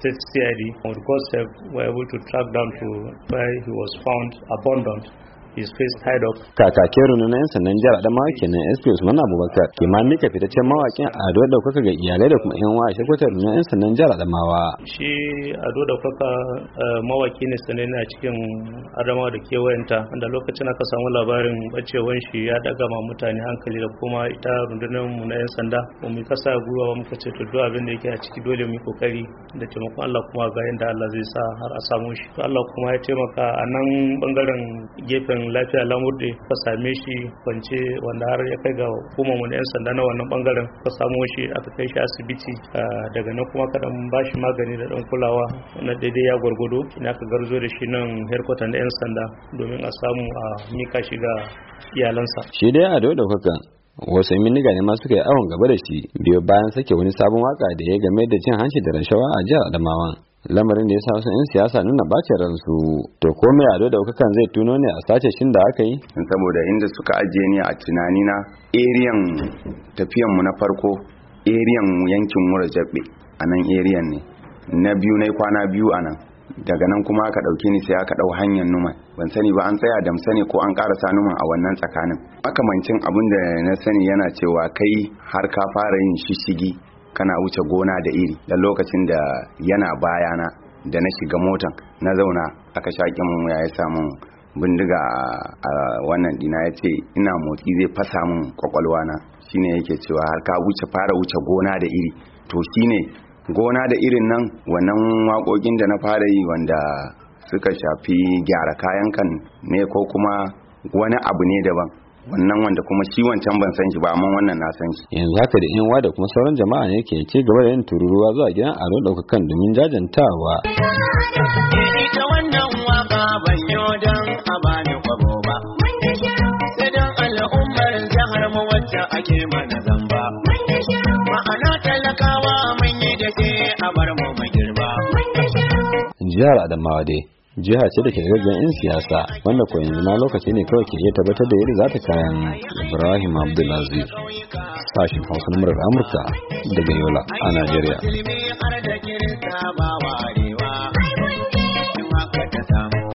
state CID, of course, were able to track down to where he was found abandoned his face tied up kakakin yan sandan jihar adamawa kenan sp usman abubakar ke ma fitaccen mawakin ado daukaka ga iyalai da kuma yan wa shi shekwatar rundunar yan sandan jihar adamawa shi a ado daukaka eh, mawaki ne sanai a cikin adamawa da kewayenta da lokacin aka samu labarin bacewan shi ya daga ma mutane hankali da kuma ita rundunar mu na yan sanda mu mu kasa gwiwa muka ce to duk abin da yake a ciki dole mu kokari da taimakon Allah kuma ga yanda Allah zai sa har a samu shi Allah kuma ya taimaka a nan bangaren gefen rashin lafiya lamurde ka same shi kwance wanda har ya kai ga hukumar wani 'yan sanda na wannan bangaren ka samo shi aka kai shi asibiti daga nan kuma ka dan bashi magani da dan kulawa na daidai ya gwargwado ina ka garzo da shi nan herkwatan da 'yan sanda domin a samu a mika shi ga iyalansa shi dai a dole kuka wasu miniga ne masu suka yi awon gaba da shi biyo bayan sake wani sabon waka da ya game da cin hanci da rashawa a jihar adamawa lamarin da ya sa wasu 'yan siyasa nuna bacin ransu to ko mai ado da kan zai tuno ne a sace shin da aka yi saboda inda suka ajiye ni a tunanina eriyan tafiyan mu na farko eriyan yankin mura jabbe a nan eriyan ne na biyu na kwana biyu a nan daga nan kuma aka ɗauki ni sai aka ɗau hanyar numan ban sani ba an tsaya da sani ko an karasa numan a wannan tsakanin makamancin abin da na sani yana cewa kai har ka fara yin shishigi kana wuce gona da iri da lokacin da yana bayana da na shiga motan na zauna aka shaƙi mun ya yi samun bindiga a wannan dina ya ce ina motsi zai fasa min kwakwalwana shine yake cewa har ka wuce fara wuce gona da iri to shine gona da irin nan wannan waƙoƙin da na fara yi wanda suka shafi gyara kayan kan ne ko kuma wani abu ne daban wannan wanda kuma shi wancan ban san shi ba amma wannan na san shi yanzu haka da yan da kuma sauran jama'a ne ke ci gaba da yin tururuwa zuwa gidan aro daukakan domin jajantawa ita wannan waka ban yo dan a bani kwabo ba sai dan al'ummar jihar mu wacce ake mana zamba ma'ana talakawa mun yi da ke a bar mu mu girba jihar adamawa dai jiha ce da ke wajen 'yan siyasa wanda ko yanzu ma lokaci ne kawai ke iya tabbatar da yadda za ta kayan ibrahim abdulaziz sashen hausa na amurka daga yola a najeriya